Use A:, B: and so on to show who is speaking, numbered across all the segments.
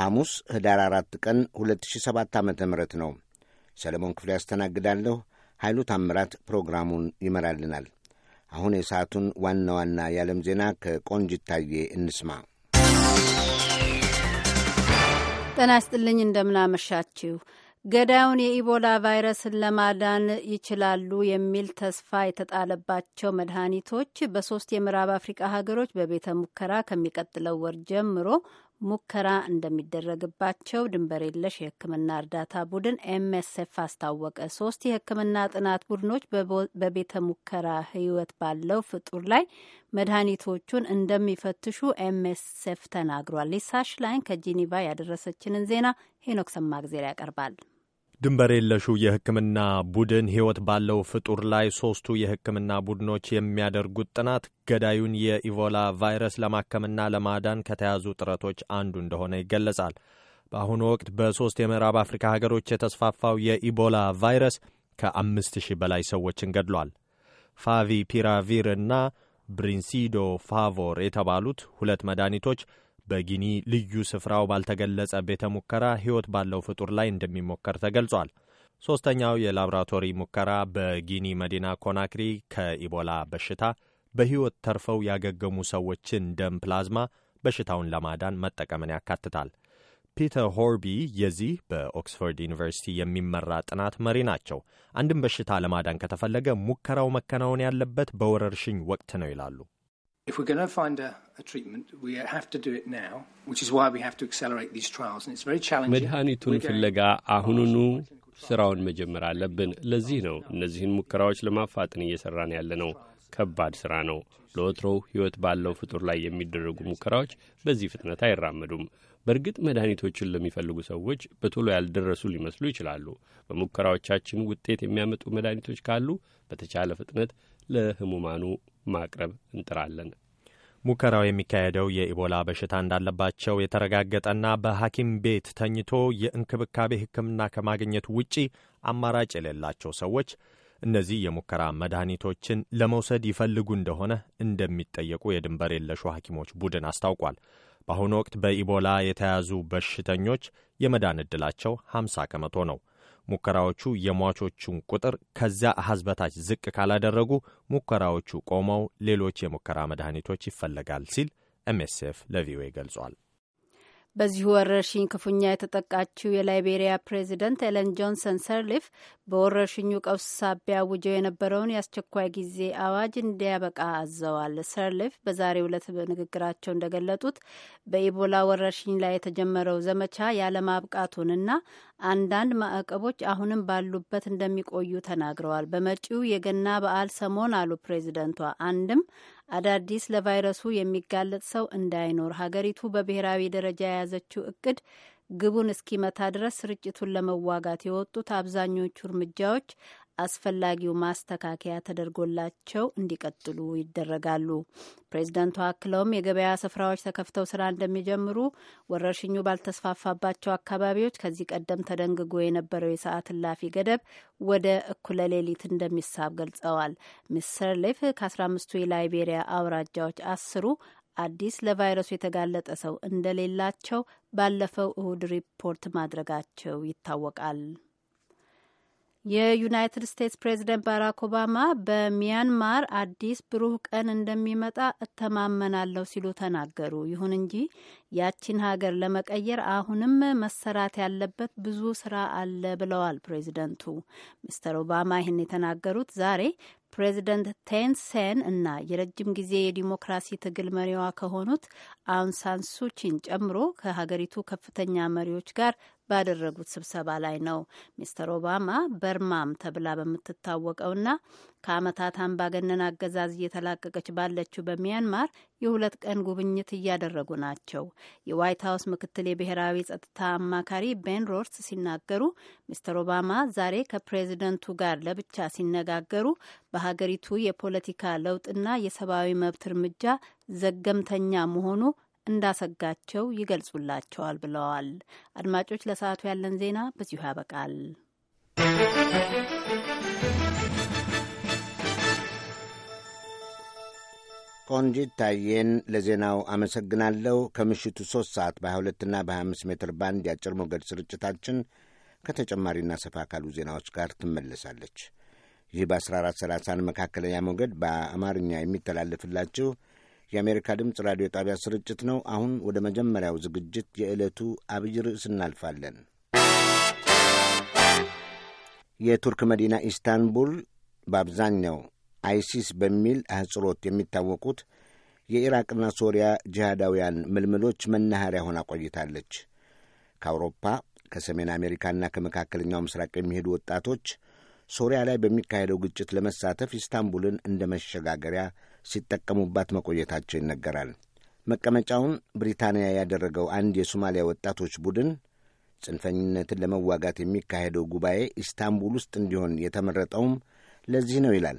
A: ሐሙስ ህዳር 4 ቀን 2007 ዓ ም ነው። ሰለሞን ክፍሌ ያስተናግዳለሁ። ኃይሉ ታምራት ፕሮግራሙን ይመራልናል። አሁን የሰዓቱን ዋና ዋና የዓለም ዜና ከቆንጅ ታዬ እንስማ።
B: ጤና ይስጥልኝ፣ እንደምናመሻችሁ። ገዳዩን የኢቦላ ቫይረስን ለማዳን ይችላሉ የሚል ተስፋ የተጣለባቸው መድኃኒቶች በሶስት የምዕራብ አፍሪቃ ሀገሮች በቤተ ሙከራ ከሚቀጥለው ወር ጀምሮ ሙከራ እንደሚደረግባቸው ድንበር የለሽ የሕክምና እርዳታ ቡድን ኤምኤስኤፍ አስታወቀ። ሶስት የሕክምና ጥናት ቡድኖች በቤተ ሙከራ ህይወት ባለው ፍጡር ላይ መድኃኒቶቹን እንደሚፈትሹ ኤምኤስኤፍ ተናግሯል። ሊሳሽ ላይን ከጂኒቫ ያደረሰችንን ዜና ሄኖክ ሰማግዜር ያቀርባል።
C: ድንበር የለሹ የሕክምና ቡድን ሕይወት ባለው ፍጡር ላይ ሦስቱ የሕክምና ቡድኖች የሚያደርጉት ጥናት ገዳዩን የኢቦላ ቫይረስ ለማከምና ለማዳን ከተያዙ ጥረቶች አንዱ እንደሆነ ይገለጻል። በአሁኑ ወቅት በሦስት የምዕራብ አፍሪካ ሀገሮች የተስፋፋው የኢቦላ ቫይረስ ከአምስት ሺህ በላይ ሰዎችን ገድሏል። ፋቪ ፒራቪር እና ብሪንሲዶ ፋቮር የተባሉት ሁለት መድኃኒቶች በጊኒ ልዩ ስፍራው ባልተገለጸ ቤተ ሙከራ ሕይወት ባለው ፍጡር ላይ እንደሚሞከር ተገልጿል። ሦስተኛው የላብራቶሪ ሙከራ በጊኒ መዲና ኮናክሪ ከኢቦላ በሽታ በሕይወት ተርፈው ያገገሙ ሰዎችን ደም ፕላዝማ በሽታውን ለማዳን መጠቀምን ያካትታል። ፒተር ሆርቢ የዚህ በኦክስፎርድ ዩኒቨርሲቲ የሚመራ ጥናት መሪ ናቸው። አንድም በሽታ ለማዳን ከተፈለገ ሙከራው መከናወን ያለበት በወረርሽኝ ወቅት ነው ይላሉ።
D: If we're going to find a, a treatment, we have to do it now, which is why we have to
E: accelerate these trials. And it's very challenging. መድኃኒቱን ፍለጋ
C: አሁኑኑ ስራውን መጀመር አለብን። ለዚህ ነው እነዚህን ሙከራዎች ለማፋጠን እየሰራን ያለ ነው። ከባድ ስራ ነው። ለወትሮው ሕይወት ባለው ፍጡር ላይ የሚደረጉ ሙከራዎች በዚህ ፍጥነት አይራመዱም። በእርግጥ መድኃኒቶችን ለሚፈልጉ ሰዎች በቶሎ ያልደረሱ ሊመስሉ ይችላሉ። በሙከራዎቻችን ውጤት የሚያመጡ መድኃኒቶች ካሉ በተቻለ ፍጥነት ለህሙማኑ ማቅረብ እንጥራለን። ሙከራው የሚካሄደው የኢቦላ በሽታ እንዳለባቸው የተረጋገጠና በሐኪም ቤት ተኝቶ የእንክብካቤ ሕክምና ከማግኘት ውጪ አማራጭ የሌላቸው ሰዎች እነዚህ የሙከራ መድኃኒቶችን ለመውሰድ ይፈልጉ እንደሆነ እንደሚጠየቁ የድንበር የለሹ ሐኪሞች ቡድን አስታውቋል። በአሁኑ ወቅት በኢቦላ የተያዙ በሽተኞች የመዳን ዕድላቸው 50 ከመቶ ነው። ሙከራዎቹ የሟቾቹን ቁጥር ከዚያ አሃዝ በታች ዝቅ ካላደረጉ ሙከራዎቹ ቆመው ሌሎች የሙከራ መድኃኒቶች ይፈለጋል ሲል ኤምኤስኤፍ ለቪኦኤ ገልጿል።
B: በዚሁ ወረርሽኝ ክፉኛ የተጠቃችው የላይቤሪያ ፕሬዚደንት ኤለን ጆንሰን ሰርሊፍ በወረርሽኙ ቀውስ ሳቢያ አውጀው የነበረውን የአስቸኳይ ጊዜ አዋጅ እንዲያበቃ አዘዋል። ሰርሊፍ በዛሬው ዕለት ንግግራቸው እንደገለጡት በኢቦላ ወረርሽኝ ላይ የተጀመረው ዘመቻ ያለማብቃቱንና አንዳንድ ማዕቀቦች አሁንም ባሉበት እንደሚቆዩ ተናግረዋል። በመጪው የገና በዓል ሰሞን አሉ ፕሬዚደንቷ አንድም አዳዲስ ለቫይረሱ የሚጋለጥ ሰው እንዳይኖር ሀገሪቱ በብሔራዊ ደረጃ የያዘችው እቅድ ግቡን እስኪመታ ድረስ ስርጭቱን ለመዋጋት የወጡት አብዛኞቹ እርምጃዎች አስፈላጊው ማስተካከያ ተደርጎላቸው እንዲቀጥሉ ይደረጋሉ። ፕሬዚደንቱ አክለውም የገበያ ስፍራዎች ተከፍተው ስራ እንደሚጀምሩ፣ ወረርሽኙ ባልተስፋፋባቸው አካባቢዎች ከዚህ ቀደም ተደንግጎ የነበረው የሰዓት እላፊ ገደብ ወደ እኩለ ሌሊት እንደሚሳብ ገልጸዋል። ሚስተር ሌፍ ከ15ቱ የላይቤሪያ አውራጃዎች አስሩ አዲስ ለቫይረሱ የተጋለጠ ሰው እንደሌላቸው ባለፈው እሁድ ሪፖርት ማድረጋቸው ይታወቃል። የዩናይትድ ስቴትስ ፕሬዚደንት ባራክ ኦባማ በሚያንማር አዲስ ብሩህ ቀን እንደሚመጣ እተማመናለሁ ሲሉ ተናገሩ። ይሁን እንጂ ያቺን ሀገር ለመቀየር አሁንም መሰራት ያለበት ብዙ ስራ አለ ብለዋል ፕሬዚደንቱ። ሚስተር ኦባማ ይህን የተናገሩት ዛሬ ፕሬዚደንት ቴንሴን እና የረጅም ጊዜ የዲሞክራሲ ትግል መሪዋ ከሆኑት አውንሳንሱቺን ጨምሮ ከሀገሪቱ ከፍተኛ መሪዎች ጋር ባደረጉት ስብሰባ ላይ ነው። ሚስተር ኦባማ በርማም ተብላ በምትታወቀውና ከአመታት አምባገነን አገዛዝ እየተላቀቀች ባለችው በሚያንማር የሁለት ቀን ጉብኝት እያደረጉ ናቸው። የዋይት ሀውስ ምክትል የብሔራዊ ጸጥታ አማካሪ ቤን ሮርስ ሲናገሩ ሚስተር ኦባማ ዛሬ ከፕሬዚደንቱ ጋር ለብቻ ሲነጋገሩ በሀገሪቱ የፖለቲካ ለውጥና የሰብአዊ መብት እርምጃ ዘገምተኛ መሆኑ እንዳሰጋቸው ይገልጹላቸዋል ብለዋል። አድማጮች፣ ለሰዓቱ ያለን ዜና በዚሁ ያበቃል።
A: ቆንጂት ታዬን ለዜናው አመሰግናለሁ። ከምሽቱ ሦስት ሰዓት በ22ና በ25 ሜትር ባንድ የአጭር ሞገድ ስርጭታችን ከተጨማሪና ሰፋ ካሉ ዜናዎች ጋር ትመለሳለች። ይህ በ1430 መካከለኛ ሞገድ በአማርኛ የሚተላለፍላችሁ የአሜሪካ ድምፅ ራዲዮ ጣቢያ ስርጭት ነው። አሁን ወደ መጀመሪያው ዝግጅት የዕለቱ አብይ ርዕስ እናልፋለን። የቱርክ መዲና ኢስታንቡል በአብዛኛው አይሲስ በሚል አህጽሮት የሚታወቁት የኢራቅና ሶሪያ ጂሃዳውያን ምልምሎች መናኸሪያ ሆና ቆይታለች። ከአውሮፓ ከሰሜን አሜሪካና ከመካከለኛው ምስራቅ የሚሄዱ ወጣቶች ሶሪያ ላይ በሚካሄደው ግጭት ለመሳተፍ ኢስታንቡልን እንደ መሸጋገሪያ ሲጠቀሙባት መቆየታቸው ይነገራል። መቀመጫውን ብሪታንያ ያደረገው አንድ የሶማሊያ ወጣቶች ቡድን ጽንፈኝነትን ለመዋጋት የሚካሄደው ጉባኤ ኢስታንቡል ውስጥ እንዲሆን የተመረጠውም ለዚህ ነው ይላል።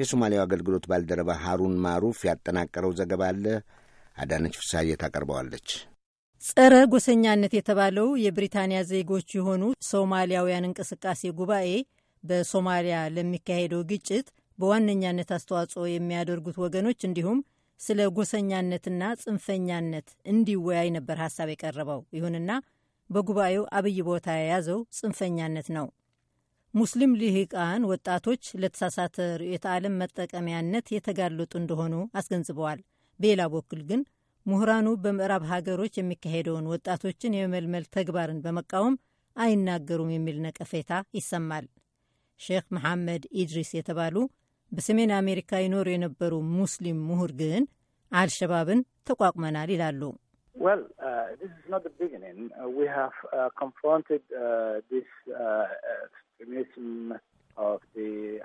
A: የሶማሊያው አገልግሎት ባልደረባ ሃሩን ማሩፍ ያጠናቀረው ዘገባ አለ። አዳነች ፍሳዬ ታቀርበዋለች።
D: ጸረ ጎሰኛነት የተባለው የብሪታንያ ዜጎች የሆኑ ሶማሊያውያን እንቅስቃሴ ጉባኤ በሶማሊያ ለሚካሄደው ግጭት በዋነኛነት አስተዋጽኦ የሚያደርጉት ወገኖች እንዲሁም ስለ ጎሰኛነትና ጽንፈኛነት እንዲወያይ ነበር ሀሳብ የቀረበው። ይሁንና በጉባኤው አብይ ቦታ የያዘው ጽንፈኛነት ነው። ሙስሊም ልሂቃን ወጣቶች ለተሳሳተ ርዕዮተ ዓለም መጠቀሚያነት የተጋለጡ እንደሆኑ አስገንዝበዋል። በሌላ በኩል ግን ምሁራኑ በምዕራብ ሀገሮች የሚካሄደውን ወጣቶችን የመልመል ተግባርን በመቃወም አይናገሩም የሚል ነቀፌታ ይሰማል። ሼክ መሐመድ ኢድሪስ የተባሉ በሰሜን አሜሪካ ይኖሩ የነበሩ ሙስሊም ምሁር ግን አልሸባብን ተቋቁመናል ይላሉ።
E: uh, uh, uh,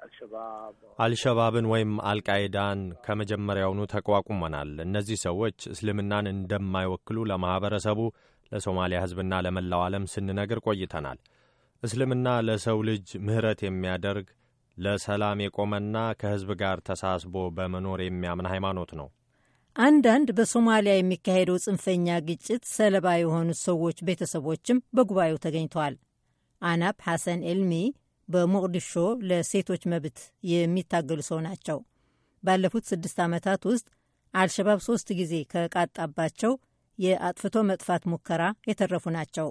C: አልሸባብን ወይም አልቃይዳን ከመጀመሪያውኑ ተቋቁመናል። እነዚህ ሰዎች እስልምናን እንደማይወክሉ ለማኅበረሰቡ፣ ለሶማሊያ ሕዝብና ለመላው ዓለም ስንነግር ቆይተናል። እስልምና ለሰው ልጅ ምሕረት የሚያደርግ ለሰላም የቆመና ከህዝብ ጋር ተሳስቦ በመኖር የሚያምን ሃይማኖት ነው።
D: አንዳንድ በሶማሊያ የሚካሄደው ጽንፈኛ ግጭት ሰለባ የሆኑት ሰዎች ቤተሰቦችም በጉባኤው ተገኝተዋል። አናብ ሐሰን ኤልሚ በሞቅዲሾ ለሴቶች መብት የሚታገሉ ሰው ናቸው። ባለፉት ስድስት ዓመታት ውስጥ አልሸባብ ሶስት ጊዜ ከቃጣባቸው የአጥፍቶ መጥፋት ሙከራ የተረፉ ናቸው።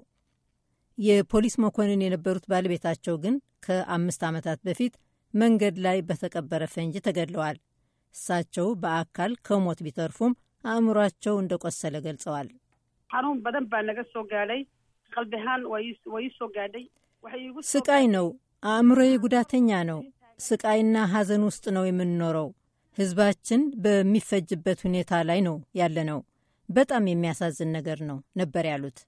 D: የፖሊስ መኮንን የነበሩት ባለቤታቸው ግን ከአምስት ዓመታት በፊት መንገድ ላይ በተቀበረ ፈንጂ ተገድለዋል። እሳቸው በአካል ከሞት ቢተርፉም አእምሯቸው እንደቆሰለ ገልጸዋል።
F: በደንብ ሶጋለይ ቀልቢሃን ወይ ሶጋደይ
D: ስቃይ ነው። አእምሮዬ ጉዳተኛ ነው። ስቃይና ሐዘን ውስጥ ነው የምንኖረው። ህዝባችን በሚፈጅበት ሁኔታ ላይ ነው ያለነው። በጣም የሚያሳዝን ነገር ነው ነበር ያሉት።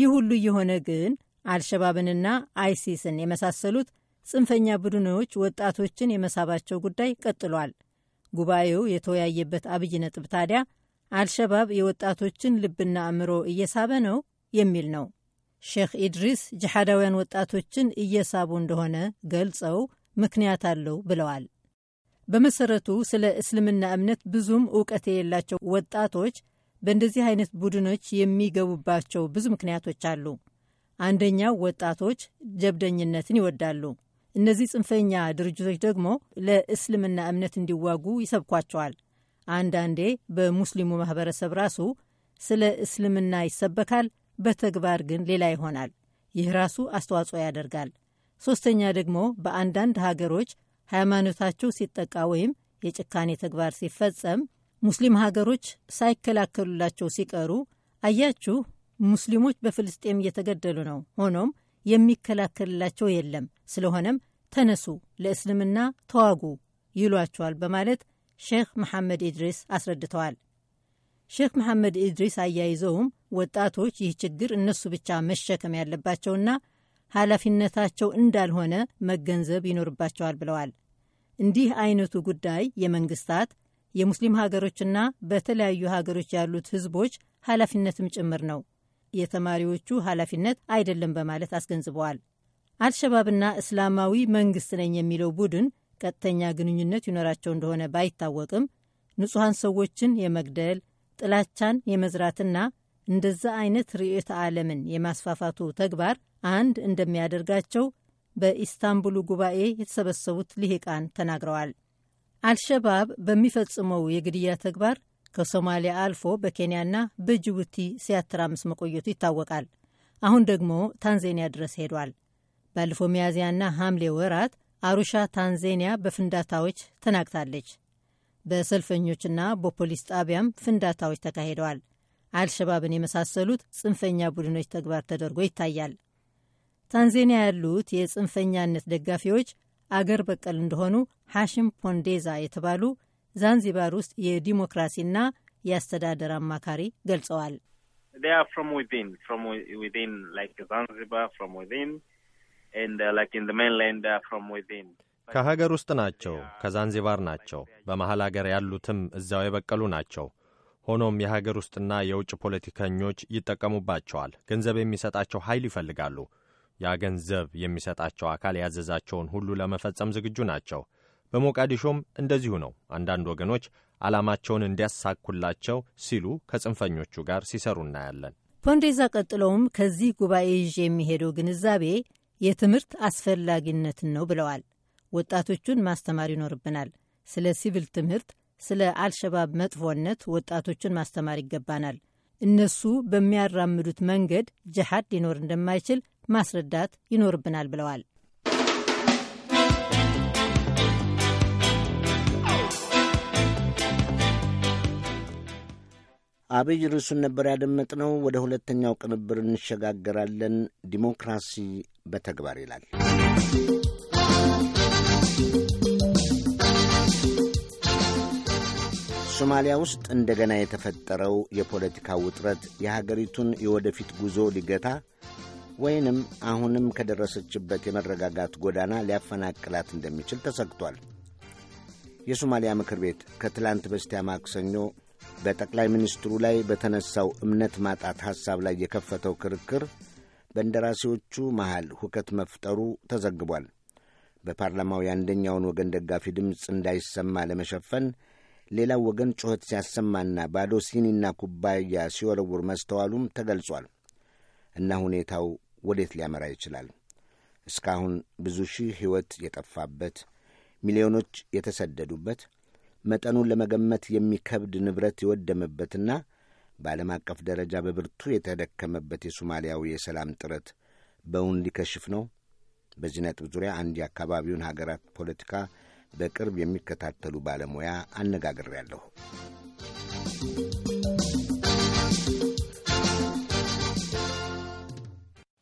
D: ይህ ሁሉ የሆነ ግን አልሸባብንና አይሲስን የመሳሰሉት ጽንፈኛ ቡድኖች ወጣቶችን የመሳባቸው ጉዳይ ቀጥሏል። ጉባኤው የተወያየበት አብይ ነጥብ ታዲያ አልሸባብ የወጣቶችን ልብና አእምሮ እየሳበ ነው የሚል ነው። ሼክ ኢድሪስ ጅሓዳውያን ወጣቶችን እየሳቡ እንደሆነ ገልጸው ምክንያት አለው ብለዋል። በመሰረቱ ስለ እስልምና እምነት ብዙም እውቀት የሌላቸው ወጣቶች በእንደዚህ አይነት ቡድኖች የሚገቡባቸው ብዙ ምክንያቶች አሉ። አንደኛው ወጣቶች ጀብደኝነትን ይወዳሉ። እነዚህ ጽንፈኛ ድርጅቶች ደግሞ ለእስልምና እምነት እንዲዋጉ ይሰብኳቸዋል። አንዳንዴ በሙስሊሙ ማህበረሰብ ራሱ ስለ እስልምና ይሰበካል፣ በተግባር ግን ሌላ ይሆናል። ይህ ራሱ አስተዋጽኦ ያደርጋል። ሶስተኛ ደግሞ በአንዳንድ ሀገሮች ሃይማኖታቸው ሲጠቃ ወይም የጭካኔ ተግባር ሲፈጸም ሙስሊም ሀገሮች ሳይከላከሉላቸው ሲቀሩ አያችሁ፣ ሙስሊሞች በፍልስጤም እየተገደሉ ነው፣ ሆኖም የሚከላከልላቸው የለም። ስለሆነም ተነሱ፣ ለእስልምና ተዋጉ ይሏቸዋል በማለት ሼክ መሐመድ ኢድሪስ አስረድተዋል። ሼክ መሐመድ ኢድሪስ አያይዘውም ወጣቶች ይህ ችግር እነሱ ብቻ መሸከም ያለባቸውና ኃላፊነታቸው እንዳልሆነ መገንዘብ ይኖርባቸዋል ብለዋል። እንዲህ አይነቱ ጉዳይ የመንግስታት የሙስሊም ሀገሮችና በተለያዩ ሀገሮች ያሉት ህዝቦች ኃላፊነትም ጭምር ነው። የተማሪዎቹ ኃላፊነት አይደለም በማለት አስገንዝበዋል። አልሸባብና እስላማዊ መንግስት ነኝ የሚለው ቡድን ቀጥተኛ ግንኙነት ይኖራቸው እንደሆነ ባይታወቅም ንጹሐን ሰዎችን የመግደል ጥላቻን የመዝራትና እንደዛ አይነት ርዕዮተ ዓለምን የማስፋፋቱ ተግባር አንድ እንደሚያደርጋቸው በኢስታንቡሉ ጉባኤ የተሰበሰቡት ልሂቃን ተናግረዋል። አልሸባብ በሚፈጽመው የግድያ ተግባር ከሶማሊያ አልፎ በኬንያና በጅቡቲ ሲያተራምስ መቆየቱ ይታወቃል። አሁን ደግሞ ታንዛኒያ ድረስ ሄዷል። ባለፈው ሚያዝያና ሐምሌ ወራት አሩሻ ታንዛኒያ በፍንዳታዎች ተናግታለች። በሰልፈኞችና በፖሊስ ጣቢያም ፍንዳታዎች ተካሂደዋል። አልሸባብን የመሳሰሉት ጽንፈኛ ቡድኖች ተግባር ተደርጎ ይታያል። ታንዛኒያ ያሉት የጽንፈኛነት ደጋፊዎች አገር በቀል እንደሆኑ ሐሽም ፖንዴዛ የተባሉ ዛንዚባር ውስጥ የዲሞክራሲና የአስተዳደር አማካሪ ገልጸዋል።
C: ከሀገር ውስጥ ናቸው፣ ከዛንዚባር ናቸው። በመሀል አገር ያሉትም እዚያው የበቀሉ ናቸው። ሆኖም የሀገር ውስጥና የውጭ ፖለቲከኞች ይጠቀሙባቸዋል። ገንዘብ የሚሰጣቸው ኃይል ይፈልጋሉ። ያ ገንዘብ የሚሰጣቸው አካል ያዘዛቸውን ሁሉ ለመፈጸም ዝግጁ ናቸው። በሞቃዲሾም እንደዚሁ ነው። አንዳንድ ወገኖች ዓላማቸውን እንዲያሳኩላቸው ሲሉ ከጽንፈኞቹ ጋር ሲሰሩ እናያለን።
D: ፖንዴዛ ቀጥለውም ከዚህ ጉባኤ ይዤ የሚሄደው ግንዛቤ የትምህርት አስፈላጊነትን ነው ብለዋል። ወጣቶቹን ማስተማር ይኖርብናል። ስለ ሲቪል ትምህርት፣ ስለ አልሸባብ መጥፎነት ወጣቶቹን ማስተማር ይገባናል። እነሱ በሚያራምዱት መንገድ ጅሃድ ሊኖር እንደማይችል ማስረዳት ይኖርብናል ብለዋል።
A: አብይ ርዕሱን ነበር ያደመጥነው። ወደ ሁለተኛው ቅንብር እንሸጋገራለን። ዲሞክራሲ በተግባር ይላል። ሶማሊያ ውስጥ እንደገና የተፈጠረው የፖለቲካ ውጥረት የሀገሪቱን የወደፊት ጉዞ ሊገታ ወይንም አሁንም ከደረሰችበት የመረጋጋት ጎዳና ሊያፈናቅላት እንደሚችል ተሰግቷል። የሶማሊያ ምክር ቤት ከትላንት በስቲያ ማክሰኞ በጠቅላይ ሚኒስትሩ ላይ በተነሳው እምነት ማጣት ሐሳብ ላይ የከፈተው ክርክር በእንደራሴዎቹ መሃል ሁከት መፍጠሩ ተዘግቧል። በፓርላማው የአንደኛውን ወገን ደጋፊ ድምፅ እንዳይሰማ ለመሸፈን ሌላው ወገን ጩኸት ሲያሰማና ባዶ ሲኒና ኩባያ ሲወረውር መስተዋሉም ተገልጿል። እና ሁኔታው ወዴት ሊያመራ ይችላል? እስካሁን ብዙ ሺህ ሕይወት የጠፋበት፣ ሚሊዮኖች የተሰደዱበት መጠኑን ለመገመት የሚከብድ ንብረት የወደመበትና በዓለም አቀፍ ደረጃ በብርቱ የተደከመበት የሶማሊያው የሰላም ጥረት በውን ሊከሽፍ ነው። በዚህ ነጥብ ዙሪያ አንድ የአካባቢውን ሀገራት ፖለቲካ በቅርብ የሚከታተሉ ባለሙያ አነጋግሬያለሁ።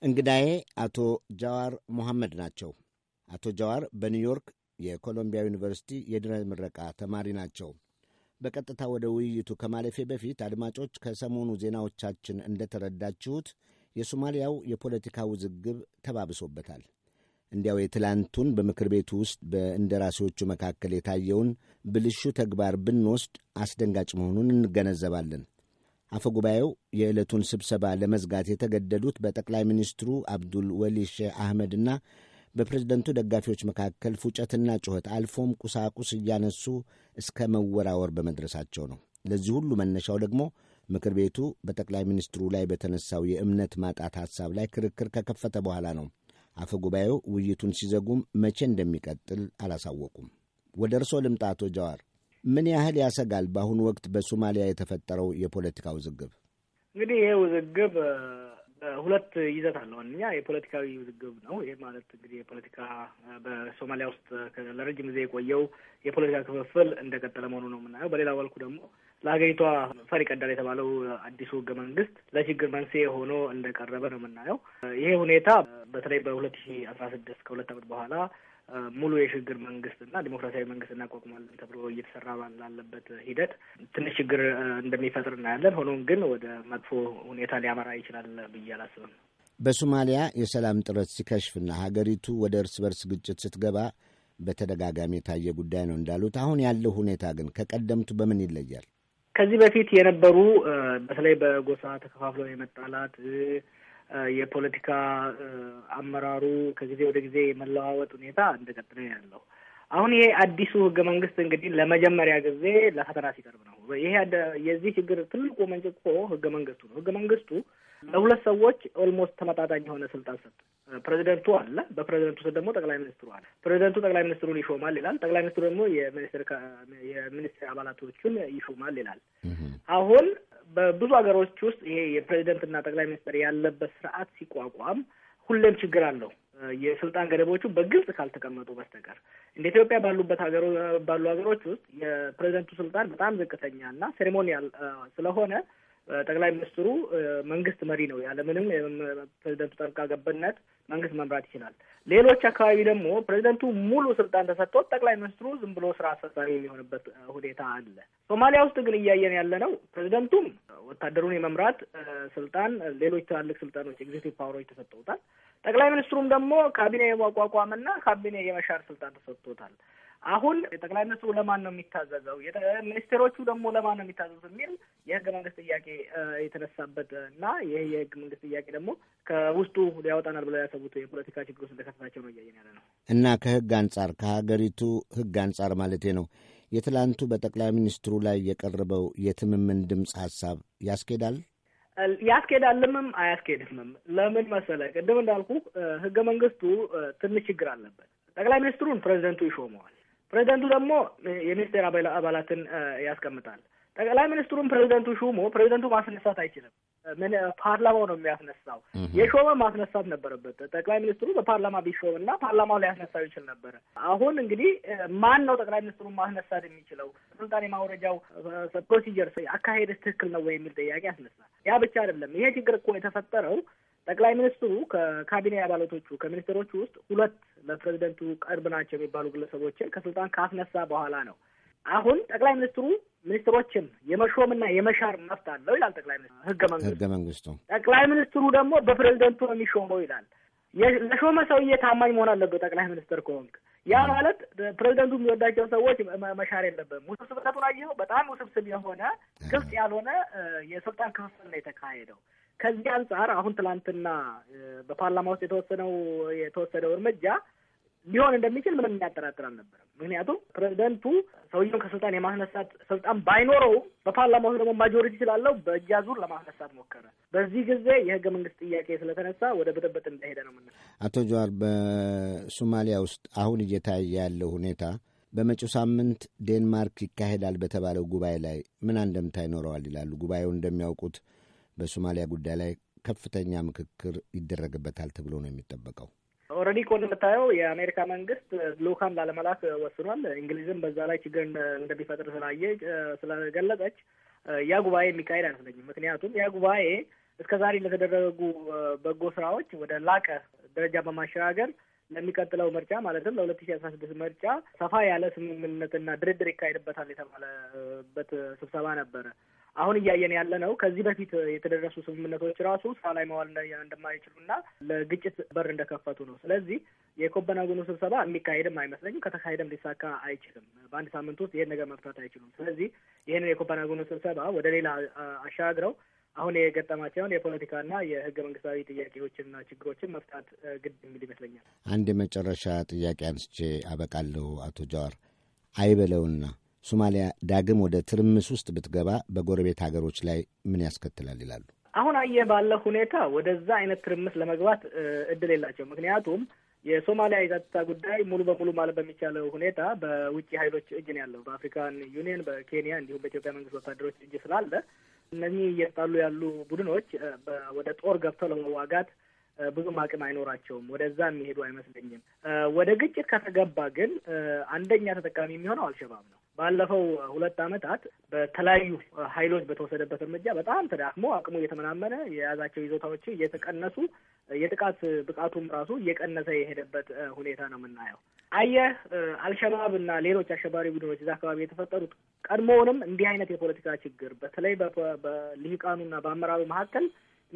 A: እንግዳዬ አቶ ጃዋር መሐመድ ናቸው። አቶ ጃዋር በኒውዮርክ የኮሎምቢያ ዩኒቨርሲቲ የድረ ምረቃ ተማሪ ናቸው። በቀጥታ ወደ ውይይቱ ከማለፌ በፊት አድማጮች፣ ከሰሞኑ ዜናዎቻችን እንደተረዳችሁት የሶማሊያው የፖለቲካ ውዝግብ ተባብሶበታል። እንዲያው የትላንቱን በምክር ቤቱ ውስጥ በእንደራሴዎቹ መካከል የታየውን ብልሹ ተግባር ብንወስድ አስደንጋጭ መሆኑን እንገነዘባለን። አፈ ጉባኤው የዕለቱን ስብሰባ ለመዝጋት የተገደዱት በጠቅላይ ሚኒስትሩ አብዱል ወሊ ሼህ አህመድና በፕሬዝደንቱ ደጋፊዎች መካከል ፉጨትና ጩኸት አልፎም ቁሳቁስ እያነሱ እስከ መወራወር በመድረሳቸው ነው። ለዚህ ሁሉ መነሻው ደግሞ ምክር ቤቱ በጠቅላይ ሚኒስትሩ ላይ በተነሳው የእምነት ማጣት ሐሳብ ላይ ክርክር ከከፈተ በኋላ ነው። አፈ ጉባኤው ውይይቱን ሲዘጉም መቼ እንደሚቀጥል አላሳወቁም። ወደ እርሶ ልምጣ አቶ ጀዋር፣ ምን ያህል ያሰጋል በአሁኑ ወቅት በሶማሊያ የተፈጠረው የፖለቲካ ውዝግብ?
E: እንግዲህ ይሄ ውዝግብ ሁለት ይዘት አለው። አንደኛ የፖለቲካዊ ውዝግብ ነው። ይሄ ማለት እንግዲህ የፖለቲካ በሶማሊያ ውስጥ ለረጅም ጊዜ የቆየው የፖለቲካ ክፍፍል እንደቀጠለ መሆኑ ነው የምናየው። በሌላ መልኩ ደግሞ ለሀገሪቷ ፈሪ ቀዳል የተባለው አዲሱ ህገ መንግስት ለችግር መንስኤ ሆኖ እንደቀረበ ነው የምናየው። ይሄ ሁኔታ በተለይ በሁለት ሺ አስራ ስድስት ከሁለት ዓመት በኋላ ሙሉ የሽግግር መንግስትና ዲሞክራሲያዊ መንግስት እናቋቁማለን ተብሎ እየተሰራ ባላለበት ሂደት ትንሽ ችግር እንደሚፈጥር እናያለን። ሆኖም ግን ወደ መጥፎ ሁኔታ ሊያመራ ይችላል ብዬ አላስብም።
A: በሶማሊያ የሰላም ጥረት ሲከሽፍና ሀገሪቱ ወደ እርስ በርስ ግጭት ስትገባ በተደጋጋሚ የታየ ጉዳይ ነው እንዳሉት። አሁን ያለው ሁኔታ ግን ከቀደምቱ በምን ይለያል?
E: ከዚህ በፊት የነበሩ በተለይ በጎሳ ተከፋፍለው የመጣላት የፖለቲካ አመራሩ ከጊዜ ወደ ጊዜ የመለዋወጥ ሁኔታ እንደቀጥለ ያለው አሁን ይሄ አዲሱ ህገ መንግስት እንግዲህ ለመጀመሪያ ጊዜ ለፈተና ሲቀርብ ነው። ይሄ የዚህ ችግር ትልቁ ምንጭ እኮ ህገ መንግስቱ ነው። ህገ መንግስቱ ለሁለት ሰዎች ኦልሞስት ተመጣጣኝ የሆነ ስልጣን ሰጥ ፕሬዚደንቱ አለ። በፕሬዚደንቱ ስር ደግሞ ጠቅላይ ሚኒስትሩ አለ። ፕሬዚደንቱ ጠቅላይ ሚኒስትሩን ይሾማል ይላል። ጠቅላይ ሚኒስትሩ ደግሞ የሚኒስትር አባላቶቹን ይሾማል ይላል። አሁን በብዙ ሀገሮች ውስጥ ይሄ የፕሬዚደንትና ጠቅላይ ሚኒስትር ያለበት ስርዓት ሲቋቋም ሁሌም ችግር አለው የስልጣን ገደቦቹ በግልጽ ካልተቀመጡ በስተቀር እንደ ኢትዮጵያ ባሉበት ሀገሮ ባሉ ሀገሮች ውስጥ የፕሬዚደንቱ ስልጣን በጣም ዝቅተኛ እና ሴሪሞኒያል ስለሆነ ጠቅላይ ሚኒስትሩ መንግስት መሪ ነው። ያለምንም ፕሬዚደንቱ ጠልቃ ገብነት መንግስት መምራት ይችላል። ሌሎች አካባቢ ደግሞ ፕሬዚደንቱ ሙሉ ስልጣን ተሰጥቶት ጠቅላይ ሚኒስትሩ ዝም ብሎ ስራ አስፈጻሚ የሚሆንበት ሁኔታ አለ። ሶማሊያ ውስጥ ግን እያየን ያለ ነው። ፕሬዚደንቱም ወታደሩን የመምራት ስልጣን፣ ሌሎች ትላልቅ ስልጣኖች ኤግዚኪቲቭ ፓወሮች ተሰጥተውታል። ጠቅላይ ሚኒስትሩም ደግሞ ካቢኔ የማቋቋምና ካቢኔ የመሻር ስልጣን ተሰጥቶታል። አሁን ጠቅላይ ሚኒስትሩ ለማን ነው የሚታዘዘው? ሚኒስቴሮቹ ደግሞ ለማን ነው የሚታዘዙት? የሚል የህገ መንግስት ጥያቄ የተነሳበት እና ይህ የህግ መንግስት ጥያቄ ደግሞ ከውስጡ ሊያወጣናል ብለው ያሰቡት የፖለቲካ ችግር ውስጥ እንደከተታቸው ነው እያየን ያለ ነው
A: እና ከህግ አንጻር ከሀገሪቱ ህግ አንጻር ማለቴ ነው የትላንቱ በጠቅላይ ሚኒስትሩ ላይ የቀረበው የትምምን ድምፅ ሀሳብ ያስኬዳል
E: ያስኬዳልምም አያስኬድምም። ለምን መሰለ፣ ቅድም እንዳልኩ ህገ መንግስቱ ትንሽ ችግር አለበት። ጠቅላይ ሚኒስትሩን ፕሬዚደንቱ ይሾመዋል። ፕሬዚደንቱ ደግሞ የሚኒስቴር አባላትን ያስቀምጣል። ጠቅላይ ሚኒስትሩን ፕሬዚደንቱ ሹሞ ፕሬዚደንቱ ማስነሳት አይችልም። ምን ፓርላማው ነው የሚያስነሳው። የሾመ ማስነሳት ነበረበት። ጠቅላይ ሚኒስትሩ በፓርላማ ቢሾም እና ፓርላማው ሊያስነሳው ይችል ነበረ። አሁን እንግዲህ ማን ነው ጠቅላይ ሚኒስትሩን ማስነሳት የሚችለው? ስልጣን የማውረጃው ፕሮሲጀር አካሄድ ትክክል ነው ወይ የሚል ጥያቄ ያስነሳል። ያ ብቻ አይደለም። ይሄ ችግር እኮ የተፈጠረው ጠቅላይ ሚኒስትሩ ከካቢኔ አባላቶቹ ከሚኒስትሮቹ ውስጥ ሁለት ለፕሬዚደንቱ ቅርብ ናቸው የሚባሉ ግለሰቦችን ከስልጣን ካስነሳ በኋላ ነው። አሁን ጠቅላይ ሚኒስትሩ ሚኒስትሮችን የመሾምና የመሻር መብት አለው ይላል ጠቅላይ ሚኒስትሩ
A: ህገ መንግስቱ ህገ መንግስቱ።
E: ጠቅላይ ሚኒስትሩ ደግሞ በፕሬዚደንቱ ነው የሚሾመው ይላል። ለሾመ ሰውዬ ታማኝ መሆን አለበት ጠቅላይ ሚኒስትር ከሆንክ። ያ ማለት ፕሬዚደንቱ የሚወዳቸውን ሰዎች መሻር የለበትም። ውስብስብነቱን አየኸው። በጣም ውስብስብ የሆነ ግልጽ ያልሆነ የስልጣን ክፍፍል ነው የተካሄደው። ከዚህ አንጻር አሁን ትላንትና በፓርላማ ውስጥ የተወሰነው የተወሰደው እርምጃ ሊሆን እንደሚችል ምንም የሚያጠራጥር አልነበረም። ምክንያቱም ፕሬዚደንቱ ሰውየውን ከስልጣን የማስነሳት ስልጣን ባይኖረውም በፓርላማ ውስጥ ደግሞ ማጆሪቲ ስላለው በእጃ ዙር ለማስነሳት ሞከረ። በዚህ ጊዜ የህገ መንግስት ጥያቄ ስለተነሳ ወደ ብጥብጥ እንደሄደ ነው
A: አቶ ጀዋር፣ በሶማሊያ ውስጥ አሁን እየታየ ያለው ሁኔታ በመጪው ሳምንት ዴንማርክ ይካሄዳል በተባለው ጉባኤ ላይ ምን አንደምታ ይኖረዋል ይላሉ? ጉባኤው እንደሚያውቁት በሶማሊያ ጉዳይ ላይ ከፍተኛ ምክክር ይደረግበታል ተብሎ ነው የሚጠበቀው።
E: ኦልሬዲ እኮ እንደምታየው የአሜሪካ መንግስት ልኡካን ላለመላክ ወስኗል። እንግሊዝም በዛ ላይ ችግር እንደሚፈጥር ስላየ ስለገለጸች ያ ጉባኤ የሚካሄድ አይመስለኝም። ምክንያቱም ያ ጉባኤ እስከ ዛሬ ለተደረጉ በጎ ስራዎች ወደ ላቀ ደረጃ በማሸጋገር ለሚቀጥለው ምርጫ ማለትም ለሁለት ሺ አስራ ስድስት ምርጫ ሰፋ ያለ ስምምነትና ድርድር ይካሄድበታል የተባለበት ስብሰባ ነበረ። አሁን እያየን ያለ ነው። ከዚህ በፊት የተደረሱ ስምምነቶች ራሱ ስራ ላይ መዋል እንደማይችሉና ለግጭት በር እንደከፈቱ ነው። ስለዚህ የኮፐንሃገኑ ስብሰባ የሚካሄድም አይመስለኝም። ከተካሄደም ሊሳካ አይችልም። በአንድ ሳምንት ውስጥ ይሄን ነገር መፍታት አይችሉም። ስለዚህ ይህንን የኮፐንሃገኑ ስብሰባ ወደ ሌላ አሻግረው አሁን የገጠማቸውን የፖለቲካና የህገ መንግስታዊ ጥያቄዎችንና ችግሮችን መፍታት ግድ የሚል ይመስለኛል።
A: አንድ የመጨረሻ ጥያቄ አንስቼ አበቃለሁ። አቶ ጃዋር አይበለውና ሶማሊያ ዳግም ወደ ትርምስ ውስጥ ብትገባ በጎረቤት ሀገሮች ላይ ምን ያስከትላል ይላሉ?
E: አሁን አየህ ባለው ሁኔታ ወደዛ አይነት ትርምስ ለመግባት እድል የላቸው። ምክንያቱም የሶማሊያ የጸጥታ ጉዳይ ሙሉ በሙሉ ማለት በሚቻለው ሁኔታ በውጭ ሀይሎች እጅ ነው ያለው። በአፍሪካን ዩኒየን፣ በኬንያ እንዲሁም በኢትዮጵያ መንግስት ወታደሮች እጅ ስላለ እነዚህ እየጣሉ ያሉ ቡድኖች ወደ ጦር ገብተው ለመዋጋት ብዙም አቅም አይኖራቸውም። ወደዛ የሚሄዱ አይመስለኝም። ወደ ግጭት ከተገባ ግን አንደኛ ተጠቃሚ የሚሆነው አልሸባብ ነው። ባለፈው ሁለት ዓመታት በተለያዩ ኃይሎች በተወሰደበት እርምጃ በጣም ተዳክሞ አቅሙ እየተመናመነ የያዛቸው ይዞታዎች እየተቀነሱ የጥቃት ብቃቱም ራሱ እየቀነሰ የሄደበት ሁኔታ ነው የምናየው። አየህ አልሸባብ እና ሌሎች አሸባሪ ቡድኖች እዛ አካባቢ የተፈጠሩት ቀድሞውንም እንዲህ አይነት የፖለቲካ ችግር በተለይ በልሂቃኑና በአመራሩ መካከል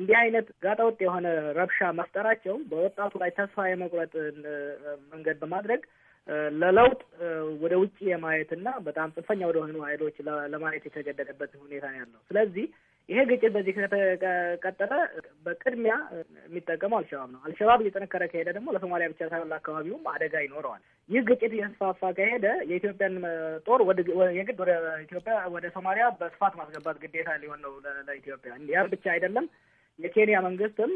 E: እንዲህ አይነት ጋጠወጥ የሆነ ረብሻ መፍጠራቸው በወጣቱ ላይ ተስፋ የመቁረጥ መንገድ በማድረግ ለለውጥ ወደ ውጭ የማየትና በጣም ጽንፈኛ ሆኑ ኃይሎች ለማየት የተገደደበት ሁኔታ ነው ያለው። ስለዚህ ይሄ ግጭት በዚህ ከተቀጠለ በቅድሚያ የሚጠቀመው አልሸባብ ነው። አልሸባብ እየጠነከረ ከሄደ ደግሞ ለሶማሊያ ብቻ ሳይሆን ለአካባቢውም አደጋ ይኖረዋል። ይህ ግጭት እየተስፋፋ ከሄደ የኢትዮጵያን ጦር የግድ ወደ ኢትዮጵያ ወደ ሶማሊያ በስፋት ማስገባት ግዴታ ሊሆን ነው ለኢትዮጵያ። ያን ብቻ አይደለም የኬንያ መንግስትም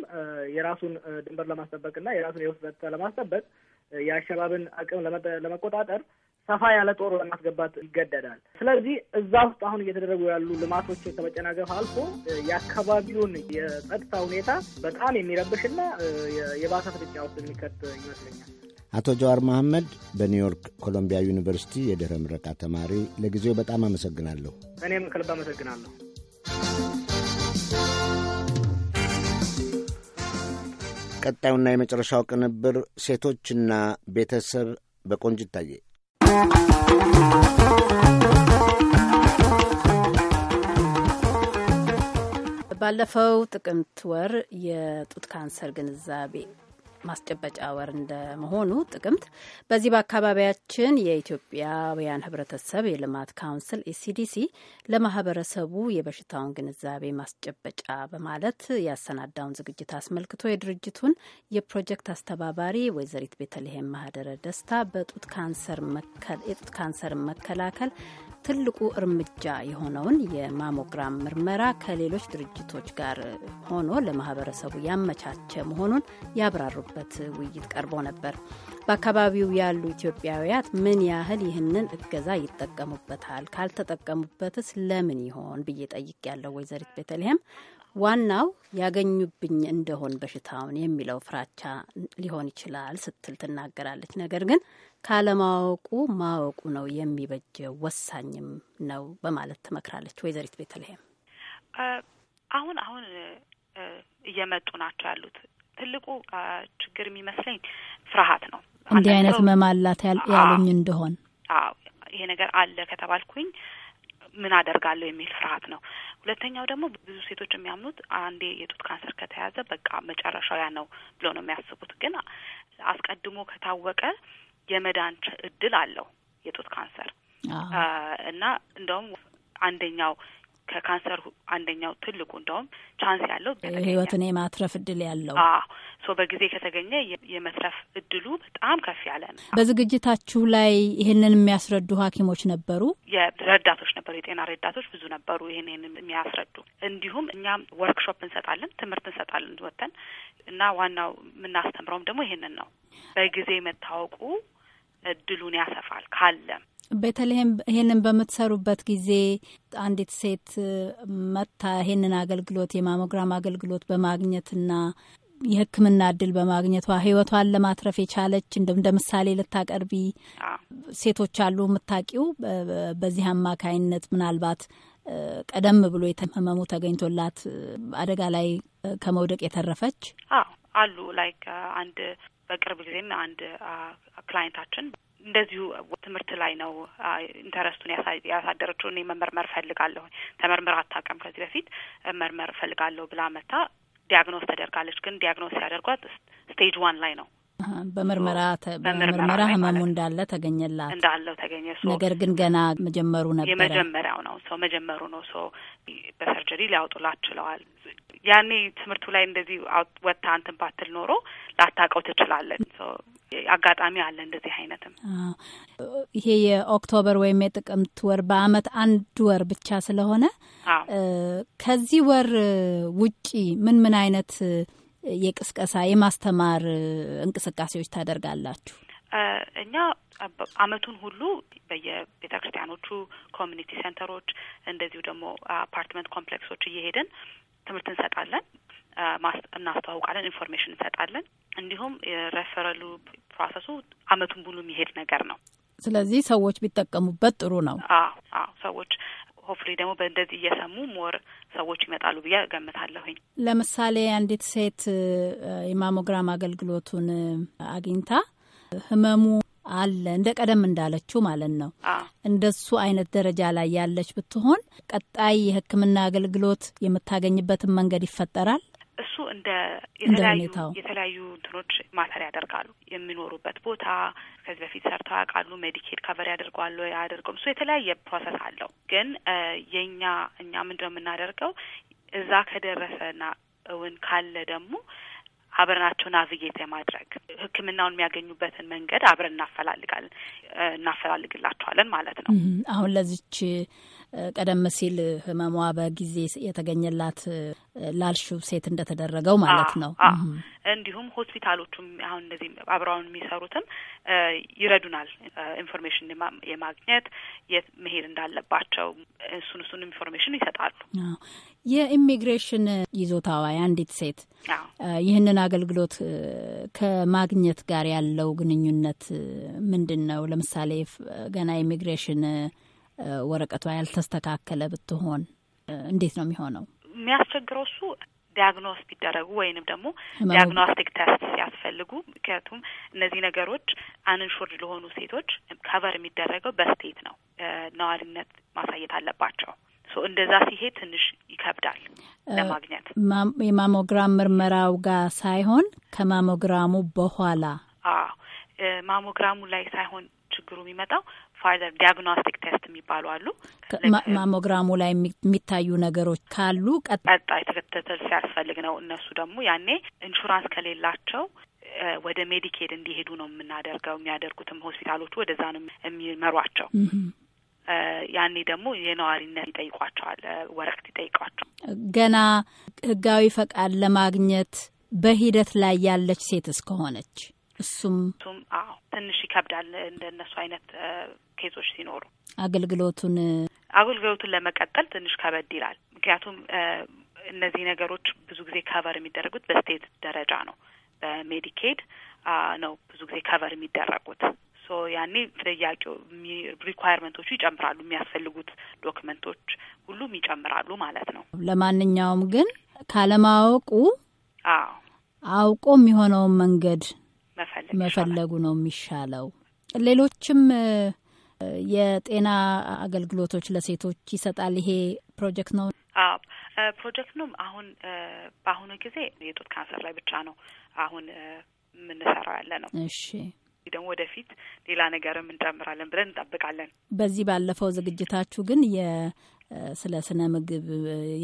E: የራሱን ድንበር ለማስጠበቅና የራሱን የውስጥ ጸጥታ ለማስጠበቅ የአሸባብን አቅም ለመቆጣጠር ሰፋ ያለ ጦር ለማስገባት ይገደዳል። ስለዚህ እዛ ውስጥ አሁን እየተደረጉ ያሉ ልማቶች ከመጨናገፍ አልፎ የአካባቢውን የጸጥታ ሁኔታ በጣም የሚረብሽና የባሰ ፍጥጫ ውስጥ የሚከት ይመስለኛል።
A: አቶ ጀዋር መሐመድ በኒውዮርክ ኮሎምቢያ ዩኒቨርሲቲ የድህረ ምረቃ ተማሪ፣ ለጊዜው በጣም አመሰግናለሁ።
E: እኔም ከልብ አመሰግናለሁ።
A: ቀጣዩና የመጨረሻው ቅንብር ሴቶችና ቤተሰብ በቆንጅት ታየ።
B: ባለፈው ጥቅምት ወር የጡት ካንሰር ግንዛቤ ማስጨበጫ ወር እንደመሆኑ ጥቅምት በዚህ በአካባቢያችን የኢትዮጵያውያን ህብረተሰብ የልማት ካውንስል ኢሲዲሲ ለማህበረሰቡ የበሽታውን ግንዛቤ ማስጨበጫ በማለት ያሰናዳውን ዝግጅት አስመልክቶ የድርጅቱን የፕሮጀክት አስተባባሪ ወይዘሪት ቤተልሔም ማህደረ ደስታ በጡት ካንሰር መከላከል ትልቁ እርምጃ የሆነውን የማሞግራም ምርመራ ከሌሎች ድርጅቶች ጋር ሆኖ ለማህበረሰቡ ያመቻቸ መሆኑን ያብራሩበት ውይይት ቀርቦ ነበር። በአካባቢው ያሉ ኢትዮጵያውያት ምን ያህል ይህንን እገዛ ይጠቀሙበታል? ካልተጠቀሙበትስ ለምን ይሆን ብዬ ጠይቅ ያለው ወይዘሪት ቤተልሔም ዋናው ያገኙብኝ እንደሆን በሽታውን የሚለው ፍራቻ ሊሆን ይችላል ስትል ትናገራለች። ነገር ግን ካለማወቁ ማወቁ ነው የሚበጀው፣ ወሳኝም ነው በማለት ትመክራለች። ወይዘሪት ቤተልሔም
F: አሁን አሁን እየመጡ ናቸው ያሉት ትልቁ ችግር የሚመስለኝ ፍርሃት ነው። እንዲህ አይነት
B: መማላት ያለኝ እንደሆን
F: ይሄ ነገር አለ ከተባልኩኝ ምን አደርጋለሁ የሚል ፍርሀት ነው። ሁለተኛው ደግሞ ብዙ ሴቶች የሚያምኑት አንዴ የጡት ካንሰር ከተያዘ በቃ መጨረሻው ያ ነው ብሎ ነው የሚያስቡት። ግን አስቀድሞ ከታወቀ የመዳን እድል አለው የጡት ካንሰር እና እንደውም አንደኛው ከካንሰር አንደኛው ትልቁ እንደውም ቻንስ ያለው ህይወትን የማትረፍ እድል ያለው ሶ በጊዜ ከተገኘ የመትረፍ እድሉ በጣም ከፍ ያለ ነው።
B: በዝግጅታችሁ ላይ ይህንን የሚያስረዱ ሐኪሞች ነበሩ፣
F: የረዳቶች ነበሩ፣ የጤና ረዳቶች ብዙ ነበሩ ይህን ይህንን የሚያስረዱ እንዲሁም እኛም ወርክሾፕ እንሰጣለን፣ ትምህርት እንሰጣለን ወተን እና ዋናው የምናስተምረውም ደግሞ ይህንን ነው። በጊዜ መታወቁ እድሉን ያሰፋል ካለም
B: በተለይም ይህንን በምትሰሩበት ጊዜ አንዲት ሴት መታ ይህንን አገልግሎት የማሞግራም አገልግሎት በማግኘትና የሕክምና እድል በማግኘቷ ህይወቷን ለማትረፍ የቻለች እንደ ምሳሌ ልታቀርቢ ሴቶች አሉ የምታቂው በዚህ አማካይነት ምናልባት ቀደም ብሎ የተመመሙ ተገኝቶላት አደጋ ላይ ከመውደቅ የተረፈች
F: አሉ ላይክ አንድ በቅርብ ጊዜም አንድ ክላይንታችን እንደዚሁ ትምህርት ላይ ነው ኢንተረስቱን ያሳደረችው። እኔ መመርመር ፈልጋለሁ ተመርምራ አታውቅም ከዚህ በፊት መርመር ፈልጋለሁ ብላ መታ ዲያግኖስ ተደርጋለች። ግን ዲያግኖስ ሲያደርጓት ስቴጅ ዋን ላይ ነው
B: በምርመራ በምርመራ ህመሙ እንዳለ ተገኘላት
F: እንዳለው ተገኘ። ነገር ግን ገና
B: መጀመሩ ነበር የመጀመሪያው
F: ነው ሰው መጀመሩ ነው ሰው በሰርጀሪ ሊያውጡላት ችለዋል። ያኔ ትምህርቱ ላይ እንደዚህ ወጥታ እንትን ባትል ኖሮ ላታውቀው ትችላለን። አጋጣሚ አለ እንደዚህ አይነትም።
B: ይሄ የኦክቶበር ወይም የጥቅምት ወር በአመት አንድ ወር ብቻ ስለሆነ ከዚህ ወር ውጪ ምን ምን አይነት የቅስቀሳ የማስተማር እንቅስቃሴዎች ታደርጋላችሁ?
F: እኛ አመቱን ሁሉ በየቤተ ክርስቲያኖቹ ኮሚኒቲ ሴንተሮች፣ እንደዚሁ ደግሞ አፓርትመንት ኮምፕሌክሶች እየሄድን ትምህርት እንሰጣለን፣ እናስተዋውቃለን፣ ኢንፎርሜሽን እንሰጣለን። እንዲሁም የሬፈረሉ ፕሮሰሱ አመቱን ሙሉ የሚሄድ ነገር ነው።
B: ስለዚህ ሰዎች ቢጠቀሙበት ጥሩ ነው።
F: አዎ አዎ፣ ሰዎች ሆፍሪ ደግሞ በእንደዚህ እየሰሙ ሞር ሰዎች ይመጣሉ ብዬ እገምታለሁኝ።
B: ለምሳሌ አንዲት ሴት የማሞግራም አገልግሎቱን አግኝታ ህመሙ አለ እንደ ቀደም እንዳለችው ማለት ነው። እንደሱ አይነት ደረጃ ላይ ያለች ብትሆን ቀጣይ የህክምና አገልግሎት የምታገኝበትን መንገድ ይፈጠራል።
F: እንደ የተለያዩ የተለያዩ እንትኖች ማተር ያደርጋሉ። የሚኖሩበት ቦታ ከዚህ በፊት ሰርተው ያውቃሉ፣ ሜዲኬድ ከቨር ያደርጓሉ አያደርገውም። እሱ የተለያየ ፕሮሰስ አለው። ግን የእኛ እኛ ነው የምናደርገው እዛ ከደረሰና እውን ካለ ደግሞ አብረናቸው ናቪጌት የማድረግ ሕክምናውን የሚያገኙበትን መንገድ አብረን እናፈላልጋለን እናፈላልግላቸዋለን ማለት ነው። አሁን
B: ለዚች ቀደም ሲል ህመሟ በጊዜ የተገኘላት ላልሹ ሴት እንደተደረገው ማለት ነው።
F: እንዲሁም ሆስፒታሎቹም አሁን እነዚህ አብረውን የሚሰሩትም ይረዱናል። ኢንፎርሜሽን የማግኘት የት መሄድ እንዳለባቸው እሱን እሱን ኢንፎርሜሽን ይሰጣሉ።
B: የኢሚግሬሽን ይዞታዋ የአንዲት ሴት ይህንን አገልግሎት ከማግኘት ጋር ያለው ግንኙነት ምንድን ነው? ለምሳሌ ገና ኢሚግሬሽን ወረቀቷ ያልተስተካከለ ብትሆን እንዴት ነው የሚሆነው?
F: የሚያስቸግረው እሱ ዲያግኖስ ቢደረጉ ወይንም ደግሞ ዲያግኖስቲክ ቴስት ሲያስፈልጉ ምክንያቱም እነዚህ ነገሮች አንንሹርድ ለሆኑ ሴቶች ከቨር የሚደረገው በስቴት ነው። ነዋሪነት ማሳየት አለባቸው። እንደዛ ሲሄድ ትንሽ ይከብዳል ለማግኘት።
B: የማሞግራም ምርመራው ጋር ሳይሆን ከማሞግራሙ በኋላ
F: ማሞግራሙ ላይ ሳይሆን ችግሩ የሚመጣው ፋርዘር ዲያግኖስቲክ ቴስት የሚባሉ አሉ። ማሞግራሙ
B: ላይ የሚታዩ ነገሮች ካሉ
F: ቀጣይ ክትትል ሲያስፈልግ ነው። እነሱ ደግሞ ያኔ ኢንሹራንስ ከሌላቸው ወደ ሜዲኬድ እንዲሄዱ ነው የምናደርገው። የሚያደርጉትም ሆስፒታሎቹ ወደዛ ነው የሚመሯቸው። ያኔ ደግሞ የነዋሪነት ይጠይቋቸዋል፣ ወረቀት ይጠይቋቸው።
B: ገና ህጋዊ ፈቃድ ለማግኘት በሂደት ላይ ያለች ሴት እስከሆነች እሱም
F: አዎ ትንሽ ይከብዳል። እንደነሱ አይነት ኬዞች ሲኖሩ
B: አገልግሎቱን
F: አገልግሎቱን ለመቀጠል ትንሽ ከበድ ይላል። ምክንያቱም እነዚህ ነገሮች ብዙ ጊዜ ከቨር የሚደረጉት በስቴት ደረጃ ነው፣ በሜዲኬድ ነው ብዙ ጊዜ ከቨር የሚደረጉት። ሶ ያኔ ጥያቄው ሪኳየርመንቶቹ ይጨምራሉ፣ የሚያስፈልጉት ዶክመንቶች ሁሉም ይጨምራሉ ማለት ነው።
B: ለማንኛውም ግን ካለማወቁ አዎ አውቆ የሚሆነውን መንገድ መፈለጉ ነው የሚሻለው። ሌሎችም የጤና አገልግሎቶች ለሴቶች ይሰጣል ይሄ ፕሮጀክት ነው።
F: ፕሮጀክት ነው። አሁን በአሁኑ ጊዜ የጡት ካንሰር ላይ ብቻ ነው አሁን የምንሰራው ያለ ነው። እሺ ደግሞ ወደፊት ሌላ ነገርም እንጨምራለን ብለን እንጠብቃለን።
B: በዚህ ባለፈው ዝግጅታችሁ ግን ስለ ስነ ምግብ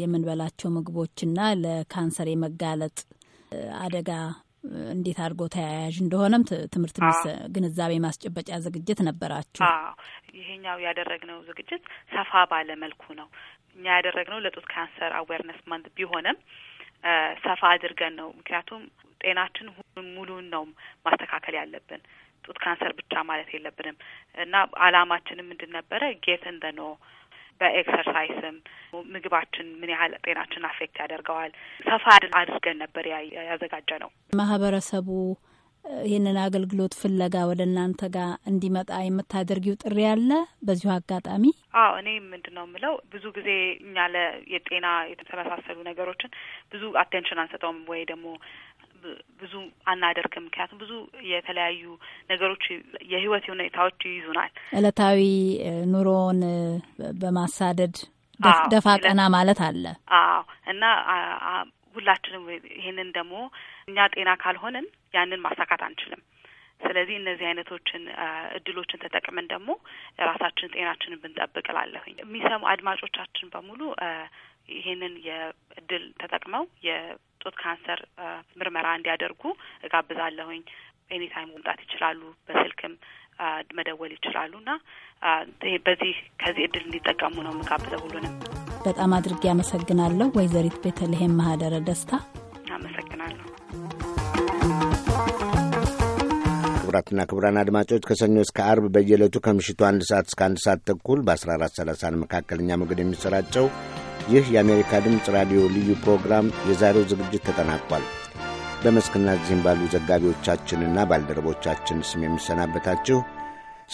B: የምንበላቸው ምግቦችና ለካንሰር የመጋለጥ አደጋ እንዴት አድርጎ ተያያዥ እንደሆነም ትምህርት ግንዛቤ ማስጨበጫ ዝግጅት ነበራችሁ?
F: ይሄኛው ያደረግነው ዝግጅት ሰፋ ባለ መልኩ ነው። እኛ ያደረግነው ለጡት ካንሰር አዌርነስ ማንት ቢሆንም ሰፋ አድርገን ነው። ምክንያቱም ጤናችን ሙሉን ነው ማስተካከል ያለብን ጡት ካንሰር ብቻ ማለት የለብንም እና አላማችንም ምንድን ነበረ ጌት እንደ በኤክሰርሳይስም ምግባችን ምን ያህል ጤናችን አፌክት ያደርገዋል ሰፋ አድርገን ነበር ያዘጋጀ ነው።
B: ማህበረሰቡ ይህንን አገልግሎት ፍለጋ ወደ እናንተ ጋር እንዲመጣ የምታደርጊው ጥሪ አለ? በዚሁ አጋጣሚ
F: አዎ፣ እኔ ምንድን ነው የምለው ብዙ ጊዜ እኛ ለየጤና የተመሳሰሉ ነገሮችን ብዙ አቴንሽን አንሰጠውም ወይ ደግሞ ብዙ አናደርግም። ምክንያቱም ብዙ የተለያዩ ነገሮች የህይወት ሁኔታዎች ይይዙናል።
B: እለታዊ ኑሮውን በማሳደድ ደፋ ቀና ማለት አለ።
F: አዎ እና ሁላችንም ይሄንን ደግሞ እኛ ጤና ካልሆንን ያንን ማሳካት አንችልም። ስለዚህ እነዚህ አይነቶችን እድሎችን ተጠቅመን ደግሞ ራሳችን ጤናችንን ብንጠብቅ እላለሁኝ። የሚሰሙ አድማጮቻችን በሙሉ ይሄንን የእድል ተጠቅመው ጡት ካንሰር ምርመራ እንዲያደርጉ እጋብዛለሁኝ። ኤኒታይም መምጣት ይችላሉ። በስልክም መደወል ይችላሉ እና በዚህ ከዚህ እድል እንዲጠቀሙ ነው የምጋብዘው ሁሉንም።
B: በጣም አድርጌ አመሰግናለሁ ወይዘሪት ቤተልሔም ማህደረ ደስታ። አመሰግናለሁ።
A: ክቡራትና ክቡራን አድማጮች ከሰኞ እስከ አርብ በየዕለቱ ከምሽቱ አንድ ሰዓት እስከ አንድ ሰዓት ተኩል በ1430 መካከለኛ ሞገድ የሚሰራጨው ይህ የአሜሪካ ድምፅ ራዲዮ ልዩ ፕሮግራም የዛሬው ዝግጅት ተጠናቋል። በመስክና ዚህም ባሉ ዘጋቢዎቻችንና ባልደረቦቻችን ስም የሚሰናበታችሁ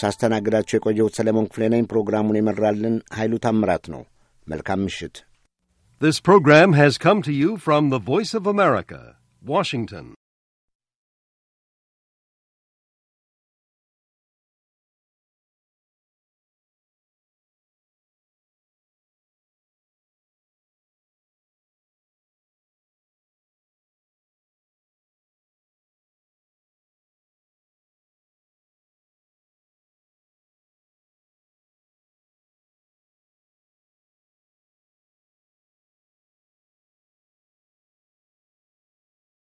A: ሳስተናግዳችሁ የቆየሁት ሰለሞን ክፍሌ ነኝ። ፕሮግራሙን የመራልን ኃይሉ ታምራት ነው። መልካም ምሽት።
F: This program has come to you from the Voice of America, Washington.